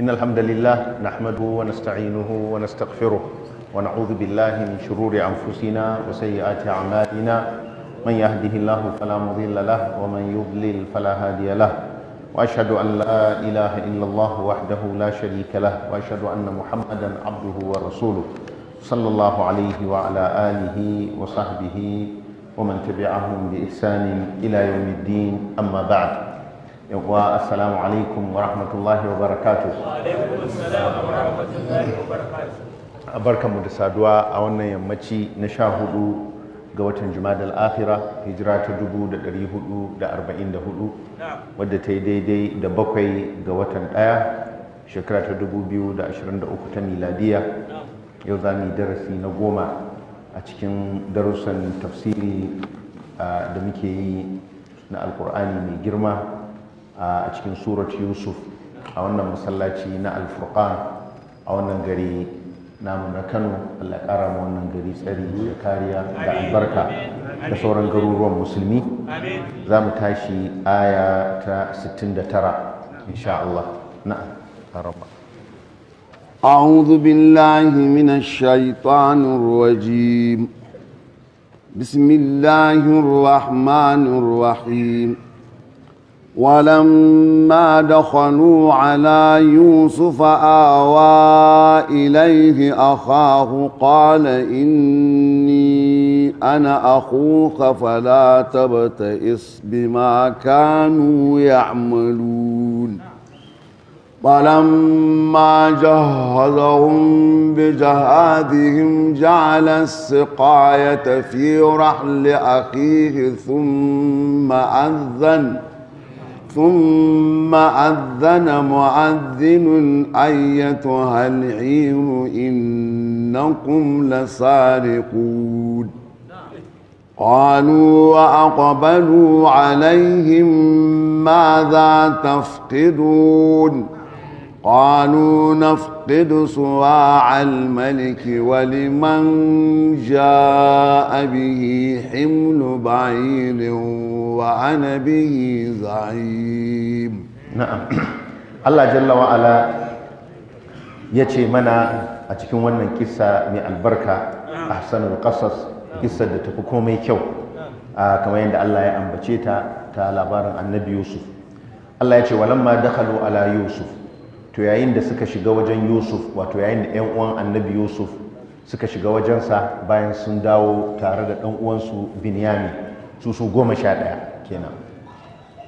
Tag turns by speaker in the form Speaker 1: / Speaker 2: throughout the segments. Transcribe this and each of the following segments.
Speaker 1: إن الحمد لله نحمده ونستعينه ونستغفره ونعوذ بالله من شرور أنفسنا وسيئات أعمالنا من يهده الله فلا مضل له ومن يضلل فلا هادي له وأشهد أن لا إله إلا الله وحده لا شريك له وأشهد أن محمدا عبده ورسوله صلى الله عليه وعلى آله وصحبه ومن تبعهم بإحسان إلى يوم الدين أما بعد yawwa assalamu alaikum wa rahmatullahi wa barakatuh wa barkanmu da saduwa a wannan yammaci na sha hudu ga watan da al'afira hijira ta dubu 444 wadda ta yi daidai da bakwai ga watan daya shekara ta 2023 ta miladiya yau za mu yi darasi na goma a cikin darussan tafsiri da muke yi na alkur'ani mai girma a cikin surat yusuf a wannan masallaci na alfurqan a wannan gari namu na kano allah kara ma wannan gari tsari da kariya da albarka da sauran garuruwan musulmi za mu tashi aya ta 69 insha allah
Speaker 2: na'am أعوذ بالله من الشيطان الرجيم بسم الله الرحمن الرحيم ولما دخلوا على يوسف آوى إليه أخاه قال إني أنا أخوك فلا تبتئس بما كانوا يعملون فلما جهزهم بجهادهم جعل السقاية في رحل أخيه ثم أذن ثم أذن معذن أيتها العير إنكم لسارقون قالوا وأقبلوا عليهم ماذا تفقدون قالوا نفقد صواع الملك ولمن جاء به حمل بعيد وأنا به زعيم نعم الله جل
Speaker 1: وعلا يتي منا أتكون ونن كسا من البركة نعم. أحسن القصص كسا دتكوكومي كيو آه، كما يند الله يأم بشيتا تا لابارن النبي يوسف الله يتي ولما دخلوا على يوسف to yayin da suka shiga wajen yusuf wato yayin da 'yan uwan annabi yusuf suka shiga wajensa bayan sun dawo tare da 'dan uwansu binyami su su goma sha ɗaya kenan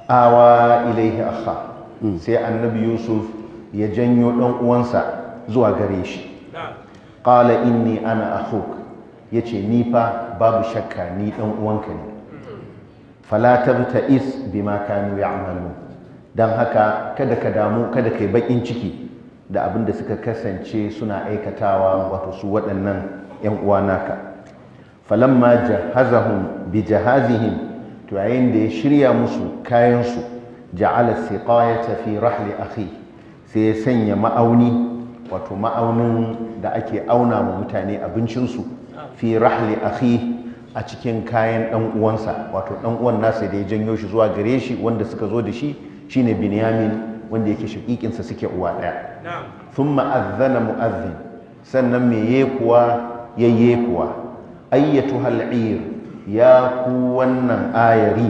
Speaker 1: awa ilaihi akha hmm. sai annabi yusuf ya janyo 'dan uwansa zuwa gare shi qala inni ana akhuk yace ni fa babu shakka ni 'dan uwanka ne fala tabta is bima kanu ya'malun don haka kada ka damu kada ka yi baƙin ciki da abin da suka kasance suna aikatawa wato su waɗannan 'yan uwa naka falamma jahazahum bi jahazihim to yayin da ya shirya musu kayansu ja'ala siqayata fi rahli akhi sai ya sanya ma'auni wato ma'aunin da ake auna ma mutane abincinsu fi rahli akhi a cikin kayan ɗanuwansa uwansa wato ɗanuwan uwan nasa da ya janyo shi zuwa gare shi wanda suka zo da shi shine binyamin wanda yake shakikinsa suke uwa ɗaya Sun ma'azana mu'azzin sannan mai ye kuwa ya ye kuwa ayyatu hal'ir ya ku wannan ayari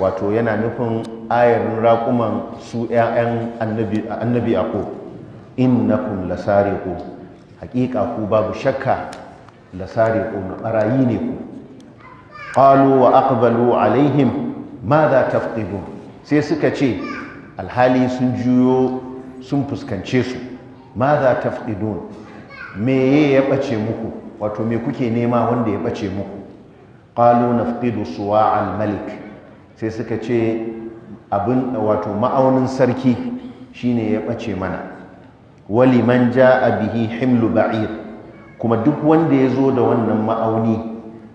Speaker 1: wato yana nufin ayarin raƙuman su 'ya'yan annabi ako innakum ku. haƙiƙa ku babu shakka ko na ɓarayi ne ku qalu wa aqbalu alaihim ma za ta fi sai suka ce alhali sun juyo sun fuskance su ma za ta fidon meye ya ɓace muku wato me kuke nema wanda ya ɓace muku ƙalo na fido suwa al-malik sai suka ce abin wato ma'aunin sarki shine ya ɓace mana wali man ja a bihi himlu ba'ir kuma duk wanda ya zo da wannan ma'auni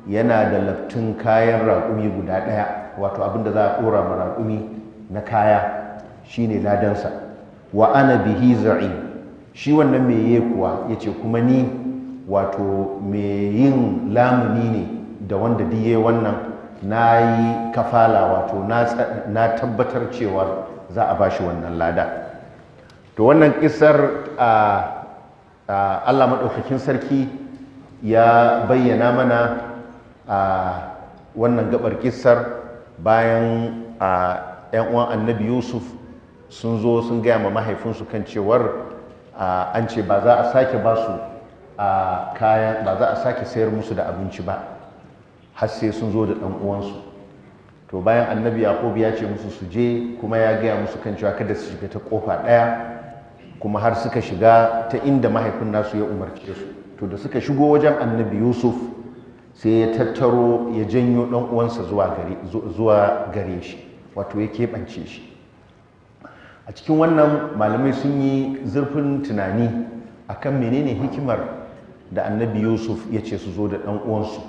Speaker 1: yana da laftin kayan raƙumi guda ɗaya wato abin da za a ɗora ma raƙumi na kaya shi ne ladansa wa ana bihi za'i shi wannan me kuwa yace kuma ni wato me yin lamuni ne da wanda biye wannan na yi kafala wato na tabbatar cewa za a bashi wannan lada to wannan kisar Allah maɗaukakin sarki ya bayyana mana a wannan gabar kisar bayan a 'yan uwan annabi yusuf sun zo sun gaya ma mahaifinsu kan cewar an ce ba za a sake ba su kayan ba za a sake sayar musu da abinci ba har sai sun zo da ɗan uwansu to bayan annabi yaqub ya ce musu su je kuma ya gaya musu kan cewa kada su shiga ta ƙofa ɗaya kuma har suka shiga ta inda mahaifin nasu ya umarce su to da suka shigo wajen annabi yusuf sai ya tattaro ya janyo ɗan uwansa zuwa gare shi wato ya keɓance shi a cikin wannan malamai sun yi zurfin tunani a kan menene hikimar da annabi yusuf ya ce su zo da ɗan uwansu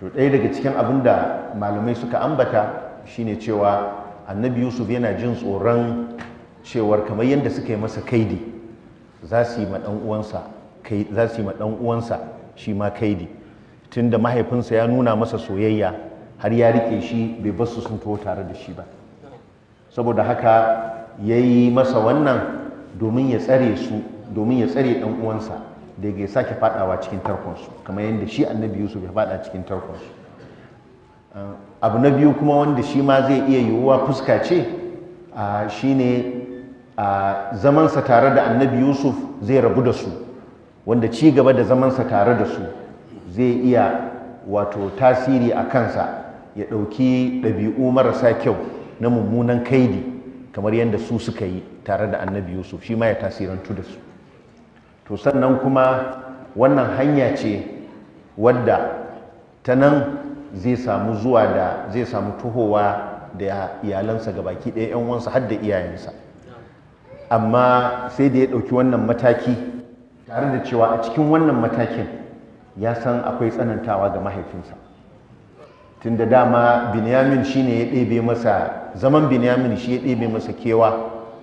Speaker 1: to ɗaya daga cikin abin da malamai suka ambata shine cewa annabi yusuf yana jin tsoron cewar kamar yadda suka yi masa kaidi za su yi ma ɗan uwansa shi ma kaidi tunda mahaifinsa ya nuna masa soyayya har ya rike shi bai basu sun taho tare da shi ba saboda haka ya yi masa wannan domin ya tsare su domin ya tsare ɗan uwansa daga ya sake faɗawa cikin tarkonsu kamar yadda shi annabi yusuf ya faɗa cikin tarkonsu uh, abu na biyu kuma wanda shi ma zai iya yiwuwa fuska ce shi ne zamansa tare da annabi yusuf zai rabu da su wanda ci gaba da zamansa tare da su zai iya wato tasiri a kansa ya ɗauki ɗabi'u marasa kyau na mummunan kaidi kamar yadda su suka yi tare da annabi yusuf shi ma ya tasirantu da su to sannan kuma wannan hanya ce wadda ta nan zai samu zuwa da zai samu tuhowa da iyalansa ga baki ɗaya 'yan uwansa har iyayensa amma sai da ya ɗauki wannan mataki tare da cewa a cikin wannan matakin ya san akwai tsanantawa ga mahaifinsa Tun da dama binyamin ne ya ɗebe masa zaman binyamin shi ya ɗebe masa kewa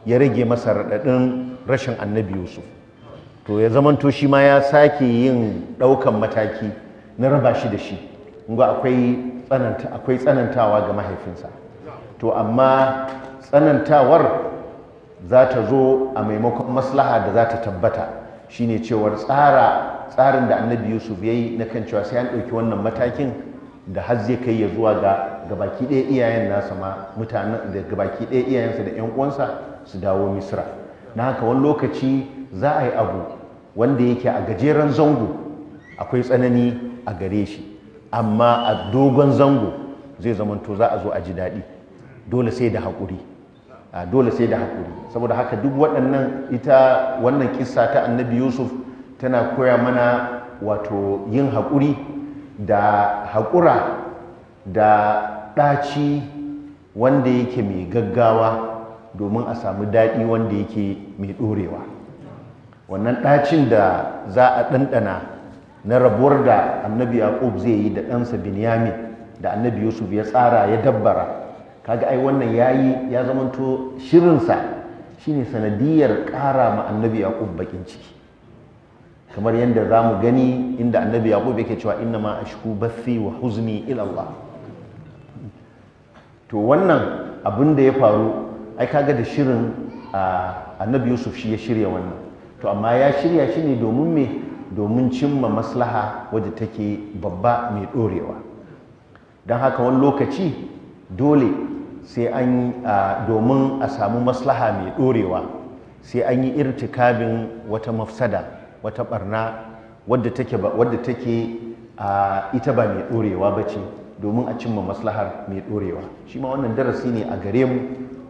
Speaker 1: ya rage masa raɗaɗin rashin annabi yusuf to ya zamanto shi ma ya sake yin ɗaukan mataki na raba shi da shi ga akwai tsanantawa ga mahaifinsa to amma tsanantawar za ta zo a maimakon maslaha da za ta tabbata shine cewar tsara tsarin da annabi yusuf ya yi na kan cewa sai an ɗauki wannan matakin da har zai kai ya zuwa ga gabaki ɗaya iyayen nasa ma mutanen da gabaki ɗaya iyayensa da yan uwansa su dawo misra na haka wani lokaci za a yi abu wanda yake a gajeren zango akwai tsanani a gare shi amma a dogon zango zai zamanto za a zo a ji daɗi dole sai da haƙuri dole sai da haƙuri saboda haka duk waɗannan ita wannan kissa ta annabi yusuf tana koya mana wato yin haƙuri da haƙura da ɗaci wanda yake mai gaggawa domin a samu daɗi wanda yake mai ɗorewa wannan ɗacin da za a ɗanɗana na rabuwar da annabi yaƙub zai yi da ɗansa binyamin da annabi yusuf ya tsara ya dabbara kaga ai wannan ya yi ya zamanto shirinsa shine sanadiyar ƙara ma annabi yaƙub baƙin ciki kamar yadda za mu gani inda annabi yaqub yake cewa inna ma ashku bathi wa huzni ila to wannan abin da ya faru ai kaga da shirin annabi yusuf shi ya shirya wannan to amma ya shirya shi ne domin me domin cimma maslaha wadda take babba mai ɗorewa don haka wani lokaci dole sai an domin a samu maslaha mai ɗorewa sai an yi irtikabin wata mafsada wata barna wadda take wadda ita ba mai ɗorewa ba ce, domin a cimma maslahar mai ɗorewa. shi ma wannan darasi ne a gare mu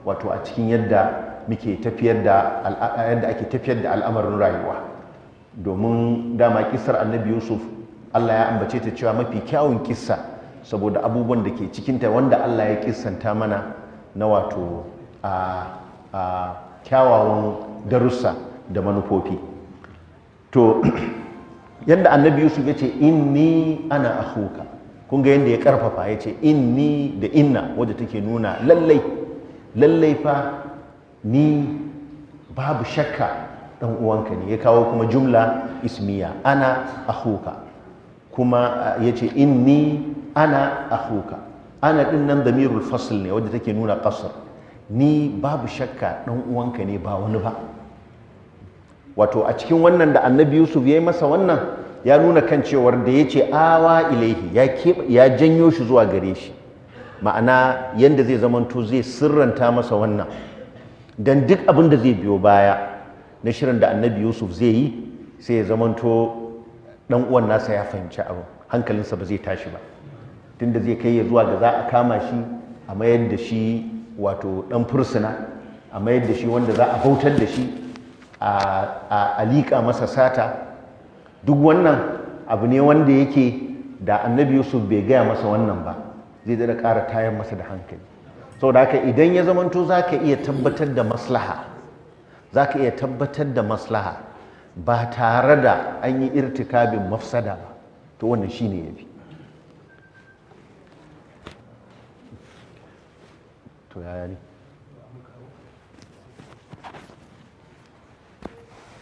Speaker 1: wato a cikin yadda muke tafiyar da yadda ake tafiyar da al'amarin rayuwa domin dama kisar annabi yusuf allah ya ambace ta cewa mafi kyawun kissa saboda abubuwan da ke cikinta wanda allah ya kissanta mana na wato a kyawawan darussa da manufofi to yadda annabi yusuf ya ce inni ana akhuka kun ga yadda ya karfafa ya ce inni da inna wadda take nuna lallai lallai fa ni babu shakka dan uwanka ne ya kawo kuma jumla ismiya ana akhuka kuma eh, ya ce inni ana akuka ana din nan damirul fasil ne wadda take nuna kasar ni babu shakka dan uwanka ne ba wani ba wato a cikin wannan da annabi yusuf ya yi masa wannan ya nuna kan cewar da ya ce awa ilaihi ya janyo shi zuwa gare shi ma'ana yadda zai zamanto zai sirranta masa wannan don duk abin da zai biyo baya na shirin da annabi yusuf zai yi sai ya zamanto ɗan uwan nasa ya fahimci abin hankalinsa ba zai tashi ba tunda zai kai ya zuwa ga za a kama shi a mayar da shi wato dan fursuna a mayar da shi wanda za a bautar da shi a alika masa sata duk wannan abu ne wanda yake da annabi yusuf bai gaya masa wannan ba zai da ƙara tayar masa da hankali saboda haka idan ya zamanto za ka iya tabbatar da maslaha za ka iya tabbatar da maslaha ba tare da an yi irtikabin mafsada ba to wannan shi ne ya fi to yaya ne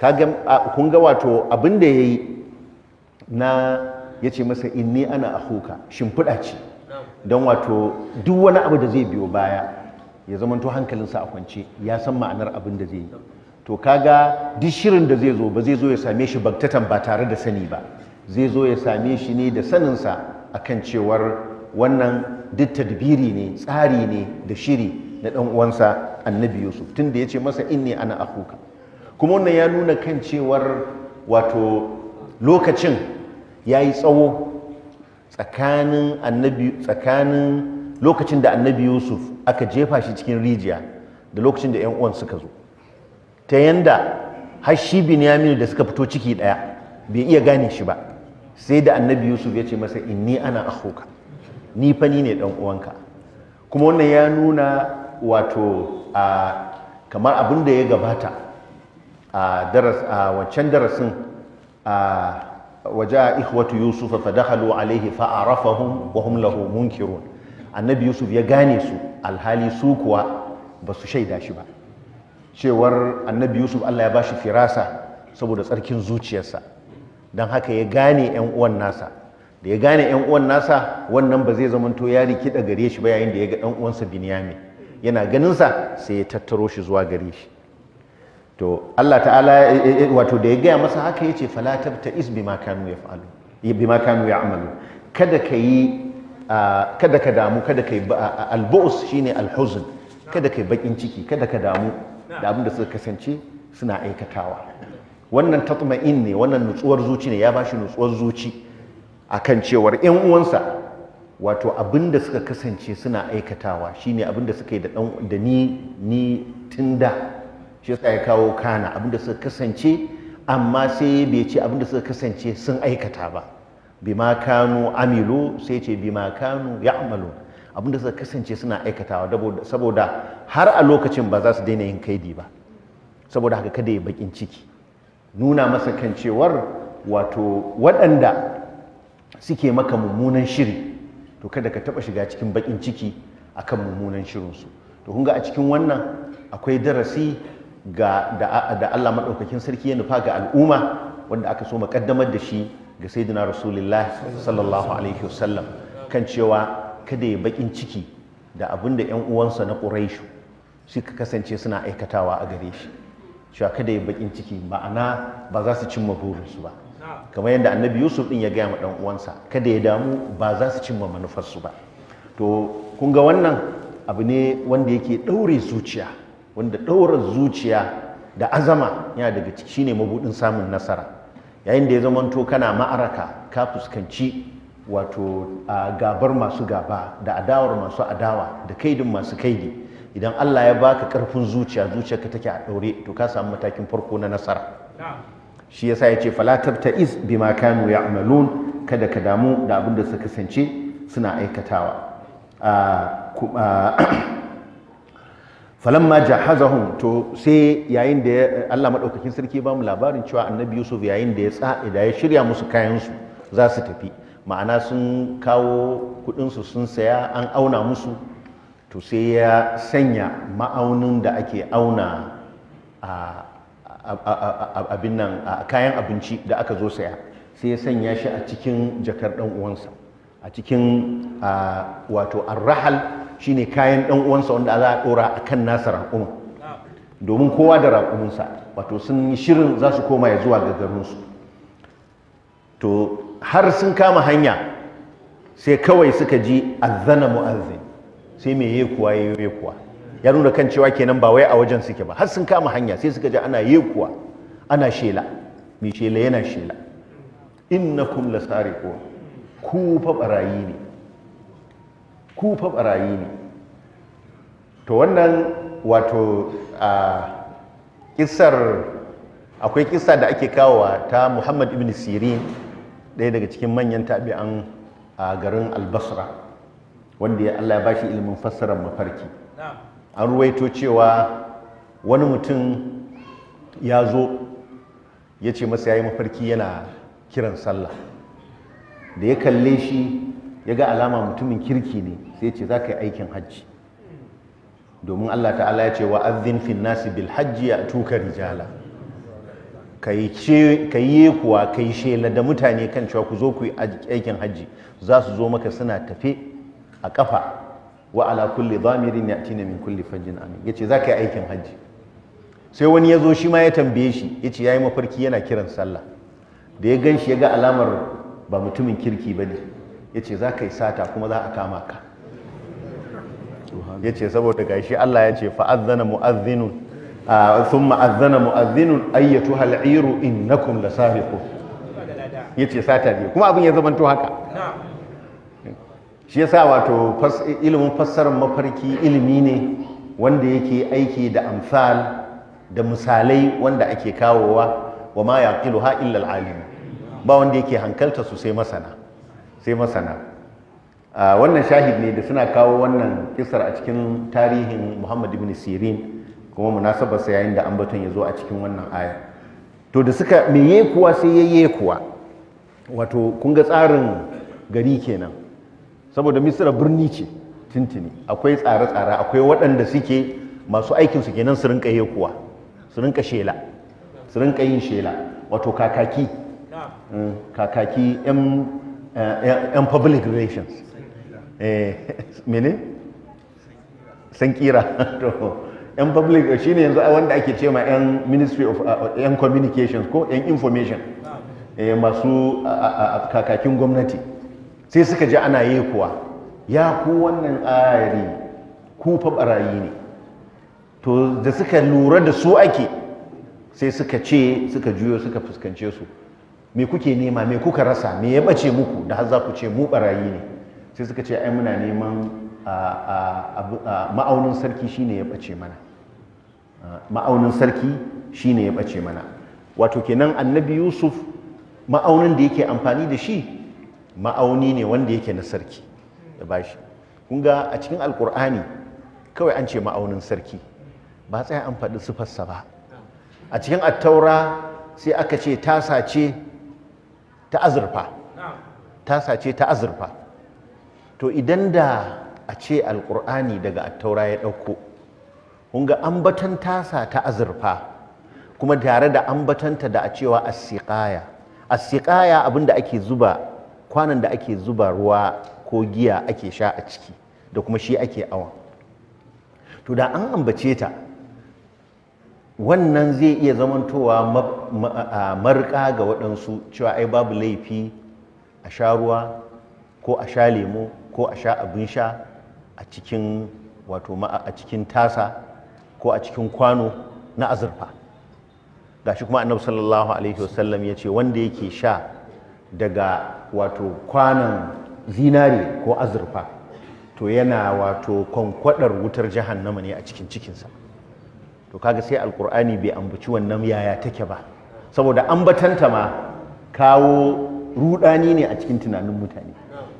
Speaker 1: kaga kun ga wato abin da yayi na yace masa inni ana akhuka shimfiɗa ce don wato duk wani abu da zai biyo baya ya zama to hankalinsa a kwance ya san ma'anar abin da zai yi to kaga duk shirin da zai zo ba zai zo ya same shi baktatan ba tare da sani ba zai zo ya same shi ne da saninsa akan cewar wannan duk tadbiri ne tsari ne da shiri na ɗan uwansa annabi yusuf tunda da ya ce masa inni ana akuka kuma wannan ya nuna kan cewar wato lokacin ya yi tsawo tsakanin lokacin da annabi yusuf aka jefa shi cikin rijiya da lokacin da 'yan uwan suka zo ta yanda har shi binyamin da suka fito ciki daya bai iya gane shi ba sai da annabi yusuf ya ce masa inni ana akhuka ni fani ne dan uwanka kuma wannan ya nuna wato a kamar abin da ya gabata a daras wancan darasin a ikwatu yusuf fa dakhalu alayhi fa arafahum wa hum lahu munkirun annabi yusuf ya gane su alhali su kuwa ba su shaida shi ba cewar annabi yusuf Allah ya ba shi firasa saboda tsarkin zuciyarsa don haka ya gane yan uwan nasa da ya gane yan uwan nasa wannan ba zai zamanto ya rikida gare shi ba yayin da ya ga dan uwansa binyamin yana ganin sa sai ya tattaro shi zuwa gare shi to Allah ta'ala eh, eh, eh, wato da ya gaya masa haka ya yace falatar ta is bima kanu bi bima kanu amalu kada ka yi kada ka damu kada ka yi al-bu'us shine al kada ka yi bakin ciki kada ka damu da abin da suka kasance suna aikatawa wannan tatma'in ne wannan nutsuwar zuci ne ya ba shi nutsuwar zuci akan cewar yan uwansa wato abin suka kasance suna aikatawa shine abin da suka yi da ni ni tun shi yasa ya kawo kana abinda suka kasance amma sai bai ce abinda suka kasance sun aikata ba bima kanu amilu sai ce bima kanu ya'malu abinda suka kasance suna aikatawa saboda har a lokacin ba za su daina yin kaidi ba saboda haka kada ya bakin ciki nuna masa kan cewar wato waɗanda suke maka mummunan shiri to kada ka taɓa shiga cikin baƙin ciki akan mummunan shirinsu to kun ga a cikin wannan akwai darasi ga da Allah maɗaukakin sarki ya nufa ga al'umma wanda aka so makaddamar da shi ga sayyidina rasulullah sallallahu alaihi wasallam kan cewa kada ya bakin ciki da abin da yan uwansa na shi ka kasance suna aikatawa a gare shi cewa kada ya bakin ciki ma'ana ba za su cimma burinsu ba kamar yadda annabi yusuf din ya gaya ma dan uwansa kada ya damu ba za su cimma manufarsu ba to kunga wannan abu ne wanda yake ɗaure zuciya wanda ɗaurar zuciya da azama yana daga ciki shine mabudin samun nasara yayin da ya zama zamanto kana ma'araka ka fuskanci wato gabar masu gaba da adawar masu adawa da kaidin masu kaidi idan Allah ya baka karfin zuciya zuciyarka take a ɗaure to ka samu matakin farko na nasara shi yasa ce, fala is bima kanu amalun. kada ka damu da abin da suka kasance suna aikatawa falamma jahazahum to sai yayin da Allah madaukakin sarki ba mu labarin cewa annabi Yusuf yayin da ya tsa da ya shirya musu kayan su za su tafi ma'ana sun kawo kudin su sun saya an auna musu to sai ya sanya ma'aunin da ake auna a abin nan kayan abinci da aka zo saya sai ya sanya shi a cikin jakar dan uwansa a cikin wato arrahal shine kayan dan uwansa wanda za a dora akan nasa raƙumin domin kowa da raƙuminsa wato sun yi shirin za su koma ya zuwa ga garinsu to har sun kama hanya sai kawai suka ji azana mu'azzin sai me yi kuwa ye yi kuwa ya nuna kan cewa kenan ba wai a wajen suke ba har sun kama hanya sai suka ji ana yi kuwa ana shela mai shela yana shela innakum lasariqun ku fa barayi ne ku fa barayi ne to wannan wato a kisar akwai kisa da ake kawowa ta muhammad ibn sirin ɗaya daga cikin manyan tabi'an a garin albasra wanda ya allah ya bashi ilimin fassarar mafarki an ruwaito cewa wani mutum ya zo ya ce masa ya yi mafarki yana kiran sallah da ya kalle shi ya ga alama mutumin kirki ne sai ce za ka yi aikin hajji domin Allah ta'ala ya ce wa azin fin nasi bil hajji ya tuka rijala ka yi kuwa ka yi shela da mutane kan cewa ku zo ku yi aikin hajji za su zo maka suna tafe a kafa wa ala kulli zamirin ya tina min kulli fajin amin ya ce za ka yi aikin hajji sai wani ya zo shi ma ya tambaye shi ya ce ya yi mafarki yana kiran sallah da ya gan shi ya ga alamar ba mutumin kirki ba ne ya ce za ka yi sata kuma za a kama ka yace saboda gashi Allah ya ce fa'azzana mu'azzinun sun azzana mu'azzinun ayyatuha al'iru innakum ya yace sata biyu kuma abin ya to haka shi ya sa wato ilimin fassarar mafarki ilimi ne wanda yake aiki da amsal da misalai wanda ake kawowa wa ma ha illa al ba wanda yake hankalta su sai masana sai masana wannan shahid ne da suna kawo wannan kisar a cikin tarihin muhammad ibn sirin kuma munasabarsa yayin da ambaton ya zo a cikin wannan aya to da suka meye kuwa sai yayye kuwa wato kun ga tsarin gari kenan saboda misira birni ce tintini akwai tsare-tsare akwai waɗanda suke masu aikin su kenan su rinka kuwa su rinka shela su rinka yin shela wato kakaki mm, kakaki yan eh, public relations Eh, san kira to yan public shine yanzu wanda ake ce ma yan ministry of uh, uh, yan communications ko yan information eh masu kakakin gwamnati sai suka ji ana yi kuwa ya ku wannan ayari ku fa barayi ne to da suka lura da su ake sai suka ce suka juyo suka fuskance su me kuke nema me kuka rasa me ya bace muku da har za ku ce mu barayi ne sai suka ce ai muna neman ma'aunin sarki shine ya bace mana ma'aunin sarki shine ya bace mana wato kenan annabi yusuf ma'aunin da yake amfani da shi ma'auni ne wanda yake na sarki ya bashi kun ga a cikin alkur'ani kawai an ce ma'aunin sarki ba tsaya an faɗi sufarsa ba a cikin attaura sai aka ce ta azurfa ta azurfa to idan da a ce alƙur'ani daga attaura ya ɗauko ga ambatan tasa ta azurfa kuma tare da ambatanta da a cewa asiƙaya asiƙaya abinda ake zuba kwanan da ake zuba ruwa ko giya ake sha a ciki da kuma shi ake awa. to da an ambace ta wannan zai iya zamantowa marka ga waɗansu cewa ai babu laifi a sha ruwa ko a sha lemo ko a sha abin sha a cikin wato a cikin tasa ko a cikin kwano na azurfa gashi kuma annabi sallallahu alaihi wasallam ya ce wanda yake sha daga wato kwanan zinari ko azurfa to yana wato kwankwadar wutar jahannama ne a cikin cikinsa to kaga sai alkur'ani bai ambaci wannan yaya take ba saboda ambatanta ma kawo rudani ne a cikin tunanin mutane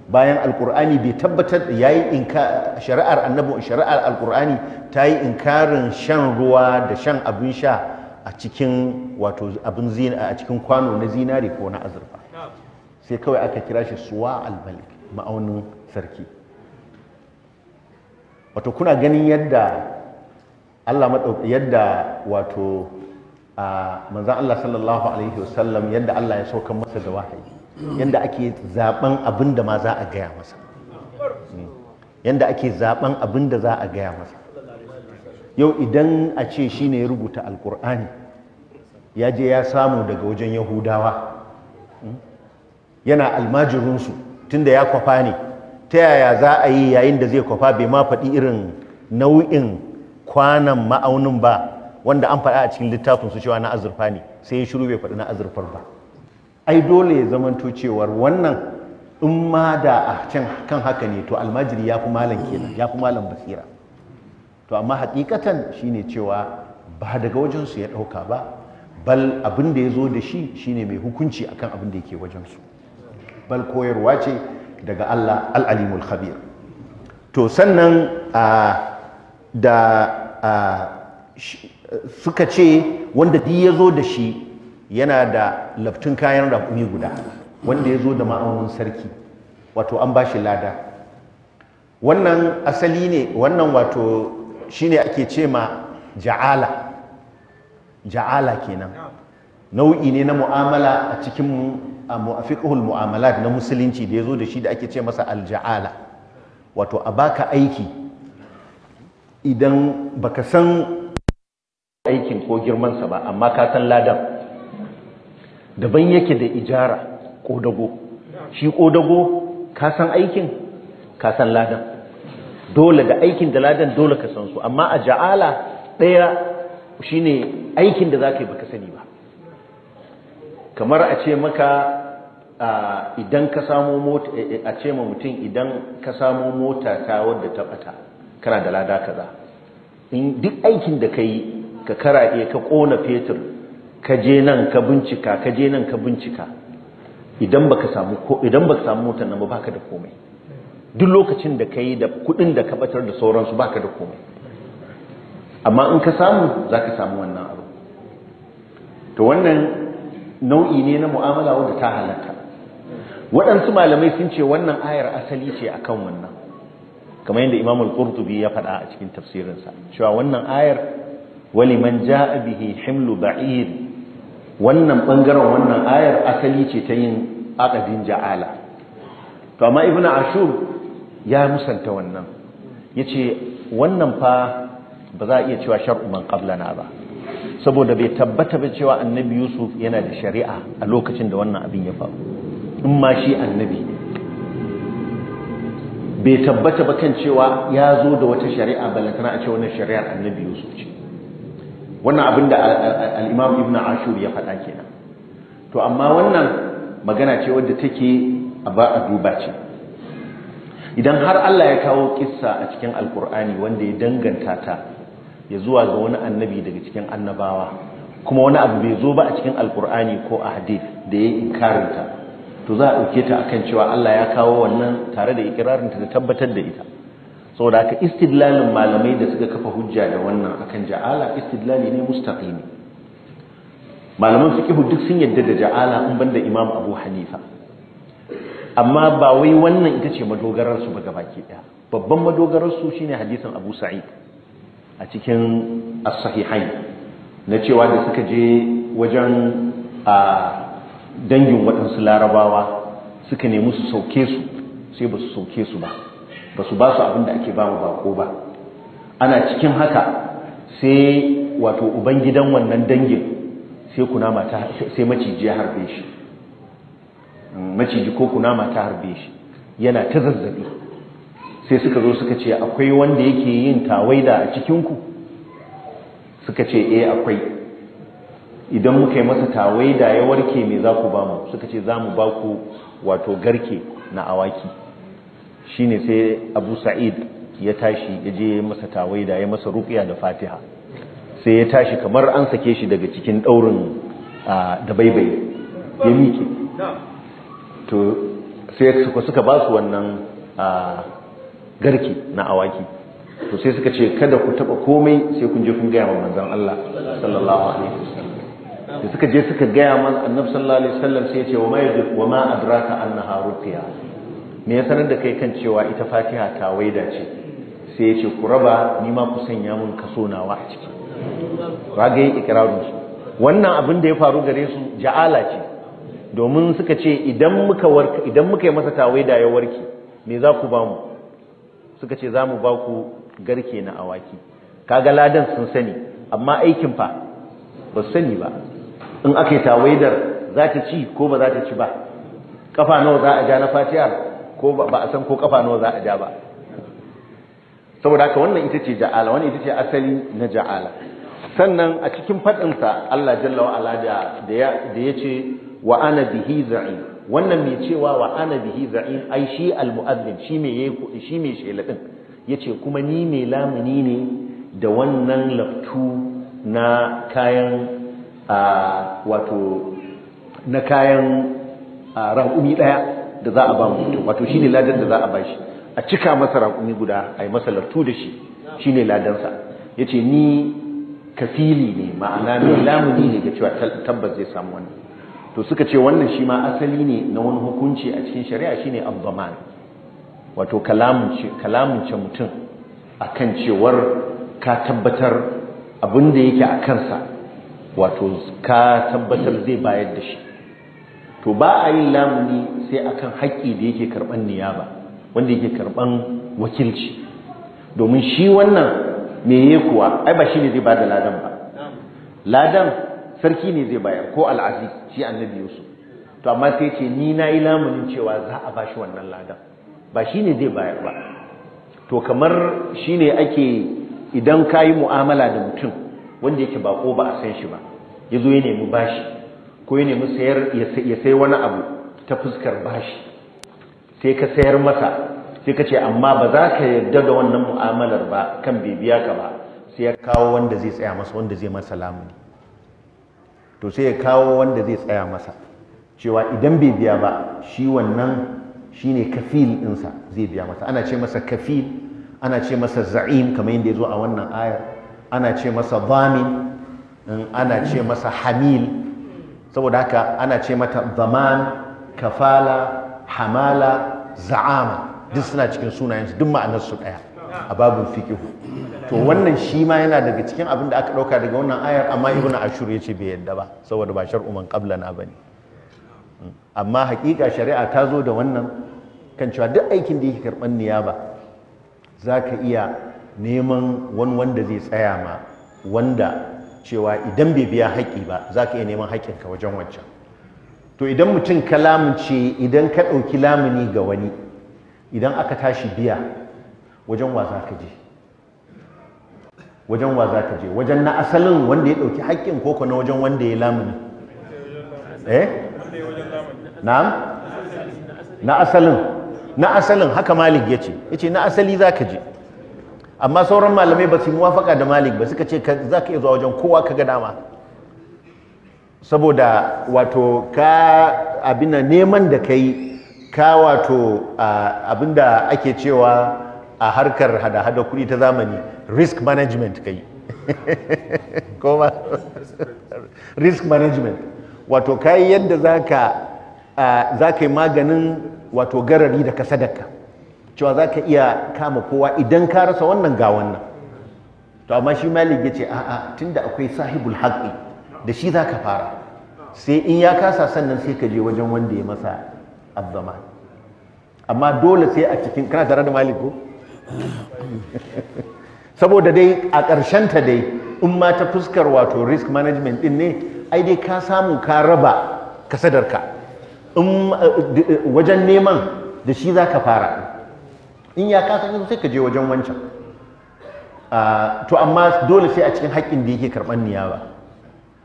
Speaker 1: bayan alkur'ani bai tabbatar da yayi shari'ar annabi shari'ar alkur'ani ta yi inkarin shan ruwa da shan abin sha a cikin wato abin zina a cikin kwano na zinare ko na azurfa sai kawai aka kira shi suwa al-malik ma'aunin sarki wato kuna ganin yadda Allah maɗauki yadda wato a manzan Allah sallallahu alaihi wasallam yadda Allah ya saukan masa da wahayi yanda ake zaben abin da ma za a gaya masa yanda ake zaben abin da za a gaya masa yau idan a ce shi ne ya rubuta alkur'ani ya je ya samu daga wajen yahudawa hmm? yana almajirinsu tunda ya kwafa ne ta yaya za a yi yayin da zai kwafa bai ma faɗi irin nau'in kwanan ma'aunin ba wanda an faɗa a cikin littafin su cewa na azurfa ne sai ya shiru bai faɗi na azurfar ba ai dole ya zamanto cewar wannan in ma da a can kan haka ne to almajiri ya fi malam kenan ya fi malam basira to amma hakikatan shine cewa ba daga wajensu ya ɗauka ba bal abin da ya zo da shi shine mai hukunci akan abin da yake wajensu bal koyarwa ce daga Allah al'alimul khabir to sannan da suka ce wanda duk ya zo da shi yana da laftin kayan raƙumi guda wanda ya zo da ma'aunin sarki wato an ba shi lada wannan asali ne wannan wato shine ake ce ma ja'ala ja'ala kenan nau'i ne na mu'amala a cikin mu'afiqul mu'amalat na musulunci da ya zo da shi da ake ce masa alja'ala wato a baka aiki idan baka san aikin ko girmansa ba amma ka san ladan daban yake da ijara ƙodago shi ƙodago ka san aikin ka san ladan dole da aikin da ladan dole ka san su amma a ja'ala ɗaya shine aikin da za ka yi baka sani ba kamar a ce maka idan ka samo mota eh, eh, a ce ma mutum idan ka samo mota ta wadda ta bata kana da lada kaza in duk aikin da ka yi ka karaɗe ka ƙona fetur ka je nan ka bincika ka je nan ka bincika idan baka samu ko idan baka samu motar nan ba baka da komai duk lokacin da kai da kudin da ka batar da sauransu baka da komai amma in ka samu zaka samu wannan abu to wannan nau'i ne na mu'amala wanda ta halatta waɗansu malamai sun ce wannan ayar asali ce akan wannan kamar yadda Imam Al-Qurtubi ya faɗa a cikin tafsirinsa cewa wannan ayar waliman ja'a bihi himlu ba'ir wannan ɓangaren wannan ayar asali ce ta yin akadin ja'ala to amma ibnu ashur ya musanta wannan yace wannan fa ba za a iya cewa shar'u man qablana ba saboda bai tabbata ba cewa annabi yusuf yana da shari'a a lokacin da wannan abin ya faru in ma shi annabi bai tabbata ba kan cewa ya zo da wata shari'a balantana a ce wannan shari'ar annabi yusuf ce wannan abin da al'imam ibn ashur ya faɗa kenan to amma wannan magana ce wadda take a ba a duba ce idan har Allah ya kawo kissa a cikin alkur'ani wanda ya danganta ta ya zuwa ga wani annabi daga cikin annabawa kuma wani abu bai zo ba a cikin alkur'ani ko a hadith da ya inkarinta to za a ɗauke ta akan cewa Allah ya kawo wannan tare da ikirarinta da tabbatar da ita Sau da aka istidlalin malamai da suka kafa hujja da wannan akan ja'ala istidlali ne mustaqimi malaman fiqh duk sun yadda da ja'ala in banda imam abu hanifa amma ba wai wannan ita ce madogararsu su ba gabaki daya babban madogararsu su shine hadisin abu sa'id a cikin as na cewa da suka je wajen a dangin waɗansu larabawa suka nemi su sauke su sai ba su sauke su ba ba su ba su abin da ake ba mu bako ba ana cikin haka sai wato ubangidan wannan dangin sai kunama ta sai maciji ya harbe shi mm, maciji ko kunama ta harbe shi yana ta zazzabi sai suka zo suka ce akwai wanda yake yin tawaida a cikinku suka ce eh akwai idan muka yi masa tawaida ya warke me za ku ba mu suka ce za mu ba ku wato garke na awaki shine sai abu sa'id ya tashi ya je masa Tawai da ya masa rukiya da fatiha sai ya tashi kamar an sake shi daga cikin daurin da baibai ya miƙe to sai suka suka ba su wannan garki na awaki to sai suka ce kada ku taba komai sai kun je kun gaya wa manzon Allah sallallahu
Speaker 3: alaihi wasallam
Speaker 1: da suka je suka gaya man annabi sallallahu alaihi wasallam sai ya ce wa ma yadraka annaha ruqya me ya sanar da kai kan cewa ita fatiha ta waida ce sai ya ce ku raba ni ma ku sanya mun kaso nawa a ciki ragaye ikirarin su wannan abin da ya faru gare su ja'ala ce domin suka ce idan muka warka idan muka yi masa tawaida ya warke me za ku ba mu suka ce za mu ba ku garke na awaki kaga ladan sun sani amma aikin fa ba su sani ba in aka yi tawaidar za ta ci ko ba za ta ci ba kafa nawa za a ja na fatiyar ko ba a san ko kafa nawa za a ja ba saboda haka wannan ita ce ja'ala wannan ita ce asali na ja'ala sannan a cikin sa Allah jalla wa ala da ya ce wa ana bihi za'in wannan mai cewa wa ana bihi za'in ai shi almu'azzin shi mai shi mai sheladin yace kuma ni mai lamuni ne da wannan laftu na kayan wato na kayan ra'umi daya da za a ba mutum wato shine ladan da za a bashi a cika masa raƙumi guda a yi masa lartu da shi shine ladansa yace ni kafili ne ma'ana ne lamuni ne ga cewa tabbas zai samu wani to suka ce wannan shi ma asali ne na wani hukunci a cikin shari'a shine abdaman wato kalamun ce kalamun ce mutum akan cewar ka tabbatar abin da yake a kansa wato ka tabbatar zai bayar da shi to ba a yin lamuni sai akan haƙƙi da yake karɓan ba wanda yake karɓan wakilci domin shi wannan meye kuwa ai ba shi ne zai ba da ladan ba ladan sarki ne zai bayar ko al'aziz shi annabi yusuf to amma sai ce ni na yi lamunin cewa za a bashi wannan ladan ba shi ne zai bayar ba to kamar shi ne ake idan ka yi mu'amala da mutum wanda yake bako ba a san shi ba ya zo ya nemi bashi ko ya nemi sayar ya sai wani abu ta fuskar bashi sai ka sayar masa sai ka ce amma ba za ka yarda da wannan mu'amalar ba kan bibiya ka ba sai ya kawo wanda zai tsaya masa wanda zai masa lamuni to sai ya kawo wanda zai tsaya masa cewa idan bai biya ba shi wannan shine kafil ɗinsa zai biya masa ana ce masa kafil ana ce masa za'im kamar yadda ya zo a wannan ayar ana ce masa zamin ana ce masa hamil saboda haka ana ce mata zaman kafala hamala za'ama duk suna cikin sunayensu duk ma'anarsu ɗaya a babin fikihu to wannan shi ma yana daga cikin abin da aka ɗauka daga wannan ayar amma ibn ashur ya ce bai yadda ba saboda ba shar'u man na bane hmm. amma haƙiƙa shari'a ta zo da wannan kan cewa duk aikin da yake karɓar niyaba za ka iya neman wani wanda zai tsaya ma wanda cewa idan bai biya haƙƙi ba za ka iya neman haƙƙinka wajen wancan to idan mutum ka lamunce idan ka ɗauki lamuni ga wani idan aka tashi biya wajen wa za ka je wajen wa za ka je wajen na asalin wanda ya ɗauki haƙƙin koko na wajen wanda ya lamuni eh na'am na asalin na asalin haka malik ya ce ya ce na asali za ka je amma sauran malamai ba su muwafaka da malik ba suka ce za ka iya zuwa wajen kowa ka ga dama saboda wato ka abin da neman da ka yi ka wato abin da ake cewa a harkar hada-hada kuɗi ta zamani risk management ka yi koma risk management wato ka yi yadda za ka yi maganin wato garari da ka sadaka cewa za ka iya kama kowa idan ka rasa wannan ga wannan to amma shi malik ya ce a'a tunda akwai sahibul haƙi da shi za ka fara sai in ya kasa sannan sai ka je wajen wanda ya masa azzama amma dole sai a cikin kana tare da malik ko saboda dai a ƙarshen ta dai in ma ta fuskar wato risk management din ne ai dai ka samu ka raba kasadarka wajen neman da shi za ka fara in ya kasa san sai ka je wajen wancan ah, to amma dole sai a cikin haƙƙin da yake karɓar niyaba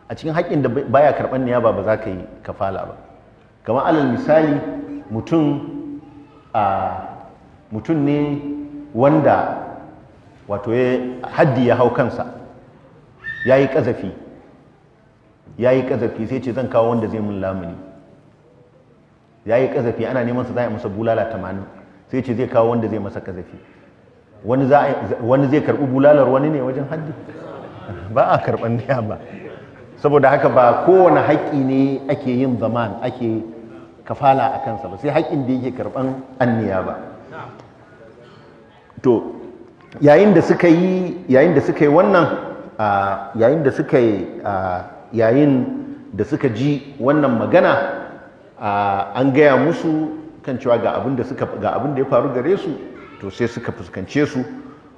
Speaker 1: a cikin haƙƙin da baya karɓar niyaba ba za ka yi kafala ba kamar alal misali ah, mutum ne wanda wato ya haddi ya hau kansa ya yi ƙazafi ya yi ƙazafi sai ce zan kawo wanda zai mun lamuni ya yi ƙazafi ana neman sa za a masa bulala tamanin sai ce zai kawo wanda zai masa kazafi wani zai karɓi bulalar wani ne wajen haddi ba a karɓar niya ba saboda haka ba kowane haƙƙi ne ake yin zaman ake kafala a kansa ba sai haƙƙin da yake karɓar anniya ba to yayin da suka yi yayin da suka yi wannan yayin da suka yi yayin da suka ji wannan magana an gaya musu kan cewa ga abin da suka ga abin da ya faru gare su to sai suka fuskance su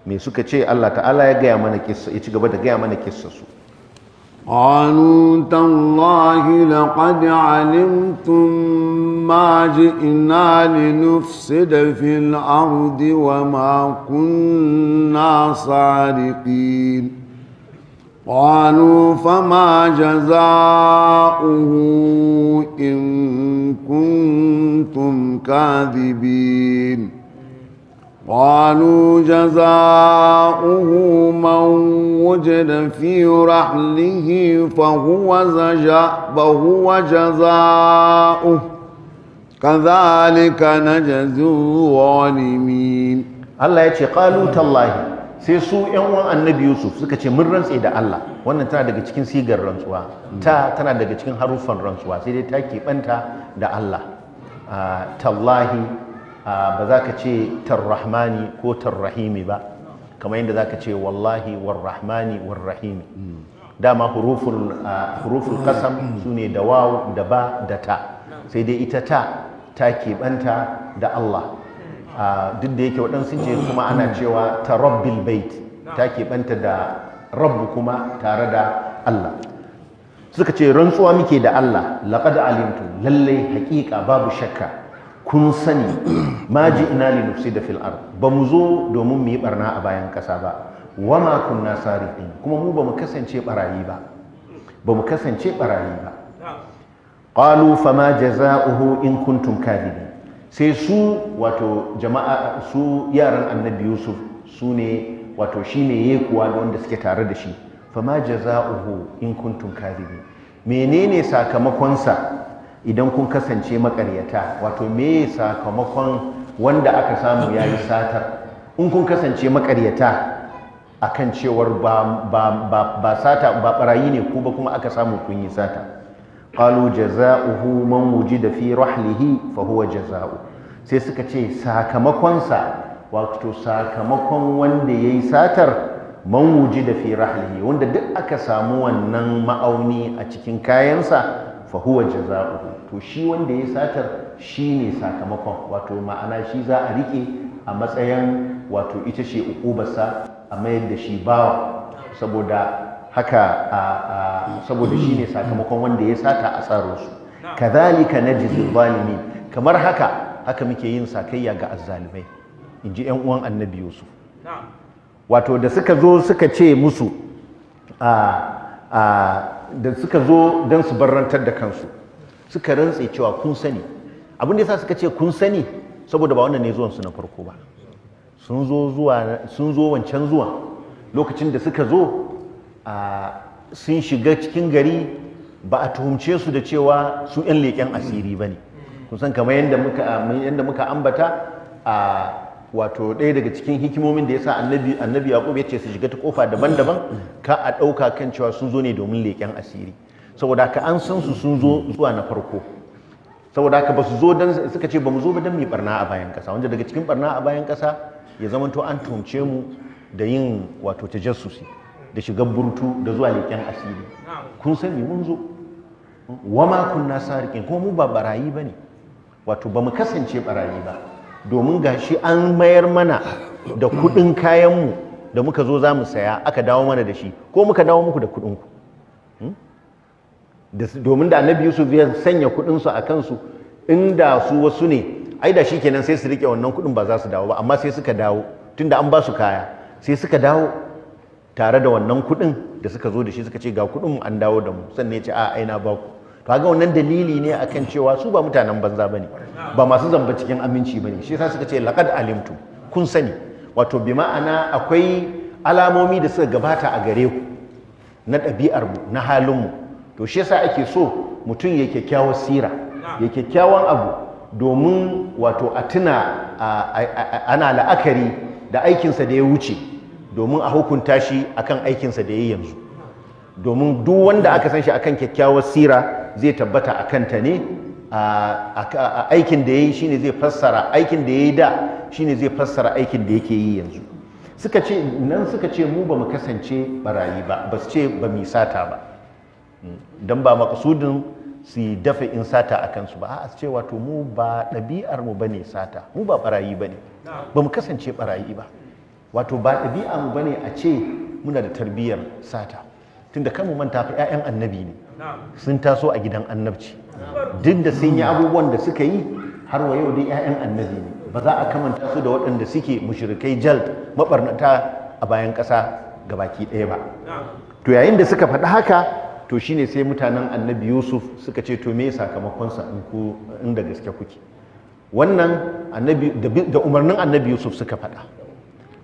Speaker 1: me suka ce Allah ta'ala ya gaya mana kissa ya ci gaba da gaya mana kissa su
Speaker 2: قالوا تالله لقد علمتم ما جئنا لنفسد في الأرض وما كنا سارقين قالوا فما جزاؤه إن كنتم كاذبين قالوا جزاؤه من وجد في رحله فهو زجا فهو جزاؤه كذلك نجزي الظالمين الله يتي قالوا تالله
Speaker 1: sai su yan uwan annabi yusuf suka ce mun rantse da allah wannan tana daga cikin sigar rantsuwa ta tana daga cikin haruffan rantsuwa sai dai ta keɓanta da allah ah, tallahi ah, ba za ka ce tarrahmani ko tarrahimi ba kamar yadda za ka ce wallahi warrahmani warrahimi dama huruful kasam ah, su ne da wawu da ba da ta sai dai ita ta ta keɓanta da allah duk da yake waɗansu ce kuma ana cewa ta rabbil bait ta keɓanta da rabbu kuma tare da Allah suka ce rantsuwa muke da Allah laqad alimtu lallai haƙiƙa babu shakka kun sani ma ina li da fil ard ba mu zo domin mu yi barna a bayan ƙasa ba Wa ma kunna sariqin kuma mu ba mu kasance barayi ba ba mu kasance ɓarayi ba qalu fama jaza'uhu in kuntum kadhibin sai su wato jama'a su yaran annabi yusuf su ne wato shi ne ya kuwa da wanda suke tare da shi fama jaza'uhu in kuntum kadhibi menene sakamakonsa idan kun kasance makaryata wato me sakamakon wanda aka samu ya yi satar in kun kasance makaryata akan cewar ba ba sata ba barayi ne ko ba kuma aka samu kun yi sata qalu jaza'uhu man wujida fi rahlihi fa jaza'u sai suka ce sakamakonsa wato sakamakon wanda ya yi satar man da fi rahlihi wanda duk aka samu wannan ma'auni a cikin kayansa fa huwa jaza'uhu to shi wanda ya yi satar shi ne sakamakon wato ma'ana shi za a rike a matsayin wato ita ce ukubarsa a mayar da shi bawa saboda haka saboda shi ne sakamakon wanda ya sata a asararsu kazalika najzil zalimin kamar haka haka muke yin sakayya ga azzalimai in ji uwan annabi yusuf wato da suka zo suka ce musu da suka zo don su barrantar da kansu suka rantse cewa kun sani abin da ya sa suka ce kun sani saboda ba wannan ne zuwansu na farko ba sun zo wancan zuwa lokacin da suka zo sun shiga cikin gari ba a tuhumce su da cewa su 'yan leƙen asiri ba ne kusan kamar yadda muka ambata a wato ɗaya daga cikin hikimomin da ya sa annabi ya yaƙub ya ce su shiga ta ƙofa daban-daban ka a ɗauka kan cewa sun zo ne domin leƙen asiri saboda ka an san su sun zo zuwa na farko saboda ka ba su zo don suka ce ba mu zo ba don mai barna a bayan kasa wanda daga cikin barna a bayan kasa ya zamanto an tuhumce mu da yin wato tajassusi da shigar burtu da zuwa leƙen asiri kun sani mun zo kun kunna rikin, ko mu ba barayi ba ne. wato ba mu kasance barayi ba domin ga shi an mayar mana da kudin kayanmu da muka zo za mu saya aka dawo mana da shi ko muka dawo muku da kudinku hmm? domin da annabi yusuf ya sanya kudinsu a kansu inda su wasu ne ai da shi kenan sai su rike wannan kudin ba za su dawo ba amma sai suka dawo tunda an ba su kaya sai suka dawo tare da wannan kuɗin da suka zo da shi suka ce ga kuɗin an dawo da mu sannan ya ce a aina ba ku to ga wannan dalili ne akan cewa su ba mutanen banza ba ne, ba masu zamba cikin aminci bane shi yasa suka ce laqad alimtu kun sani wato bi ma'ana akwai alamomi da suka gabata a gare ku na ɗabi'ar mu na halin mu to shi yasa ake so mutum ya kyakkyawar sira ya kyakkyawan abu domin wato a tuna ana la'akari da aikinsa da ya wuce domin a hukunta shi akan aikinsa da ya yanzu domin duk wanda aka san shi akan kyakkyawar sira zai tabbata a kanta ne a aikin da ya yi shine zai fassara aikin da ya yi da shine zai fassara aikin da yake yi yanzu suka ce nan suka ce mu ba mu kasance barayi ba ba su ce ba mu sata ba don ba makasudin su dafa in sata a kansu ba a ce wato mu ba ɗabi'ar mu ne sata mu ba barayi ba ne. ba mu kasance barayi ba wato ba ɗabi'a mu bane a ce muna da tarbiyyar sata tunda kan mu manta fi 'ya'yan annabi ne sun taso a gidan annabci duk da sun yi abubuwan da suka yi har wa yau dai 'ya'yan annabi ne ba za a kamanta su da waɗanda suke mushrikai jalt maɓarnata a bayan ƙasa ga baki ɗaya ba to yayin da suka faɗi haka to shine sai mutanen annabi yusuf suka ce to me sakamakonsa in ku inda gaske kuke wannan da umarnin annabi yusuf suka faɗa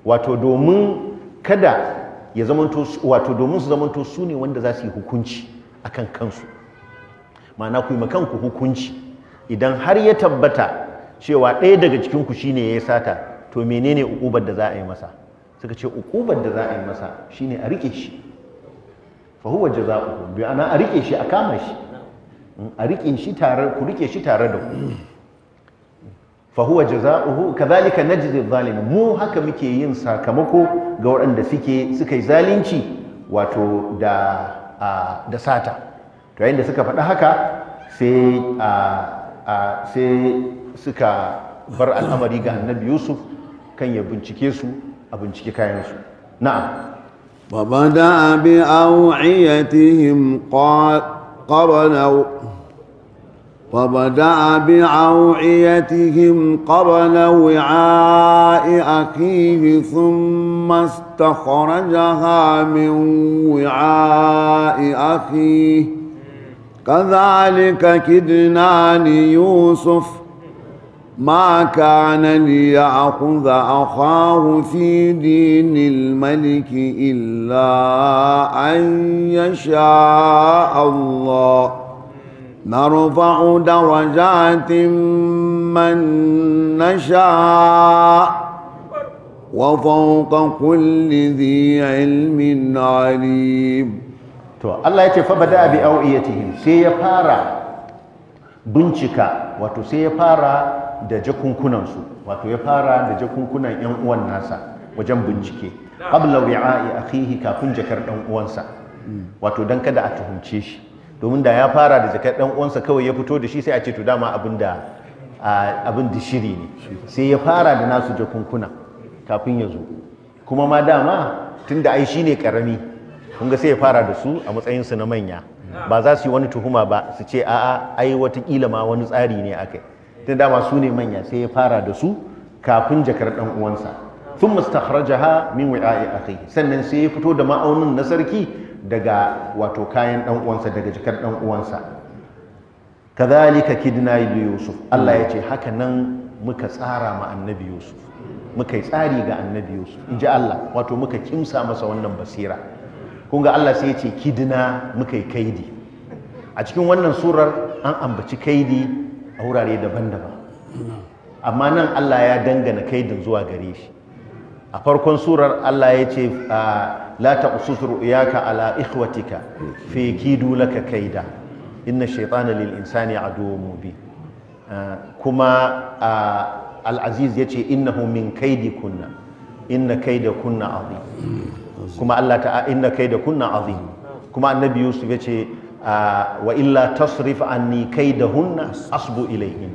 Speaker 1: wato domin kada ya zamanto wato domin su zamanto su ne wanda za su yi hukunci a kan kansu ma'ana ku yi makanku hukunci idan har ya tabbata cewa ɗaya daga cikin ku shine ya yi sata to menene ukubar da za a yi masa suka ce ukubar da za a yi masa shine a rike shi fa huwa jazaohu bi ana a rike shi a kama shi a shi tare ku rike shi tare da ku fa huwa jazaohu kadhalika mu haka muke yin sakamako ga waɗanda suke suka yi zalunci wato da da sata to yayin da suka faɗa haka sai suka bar al'amari ga annabi yusuf kan ya bincike su a bincike kayansu
Speaker 2: na'am وبدأ بأوعيتهم قال قبل فبدأ بعوعيتهم قبل وعاء أخيه ثم استخرجها من وعاء أخيه كذلك كدنا ليوسف ما كان ليأخذ أخاه في دين الملك إلا أن يشاء الله نرفع درجات من نشاء وفوق كل ذي علم عليم to Allah ya ce fa bada bi
Speaker 1: awiyatihim sai ya fara bincika wato sai ya fara da jakunkunan su wato ya fara da jakunkunan yan uwan nasa wajen bincike qabla wi'a'i akhihi kafin jakar dan uwansa wato dan kada a tuhumce shi domin da ya fara da jakar dan uwansa kawai ya fito da shi sai a ce to dama abin da shiri ne sai ya fara da nasu jakunkuna kafin ya zo kuma ma dama tunda ai shine karami kun ga sai ya fara da su a matsayin su na manya ba za su yi wani tuhuma ba su ce a'a ai watakila ma wani tsari ne akai tun dama su ne manya sai ya fara da su kafin jakar dan uwansa sun mustakhrajaha min wi'a'i akhihi sannan sai ya fito da ma'aunin na sarki daga wato kayan dan uwansa daga jikar dan uwansa kadhalika kidna yusuf Allah ya ce haka nan muka tsara ma annabi yusuf muka yi tsari ga annabi yusuf inji Allah wato muka kimsa masa wannan basira kun ga Allah sai ya ce kidna muka yi kaidi a cikin wannan surar an ambaci kaidi a wurare daban-daban amma nan Allah ya dangana kaidin zuwa gare shi a farkon surar Allah ya ce ah, la taqsus ka ala ikhwatika fa yakidu laka kaida inna shaytana lil insani aduwwun mubin kuma al-aziz yace innahu min da kunna a azim kuma Allah ta, kai da kunna a azim kuma annabi yusuf ce, wa illa kai da hunna asbu ilayhin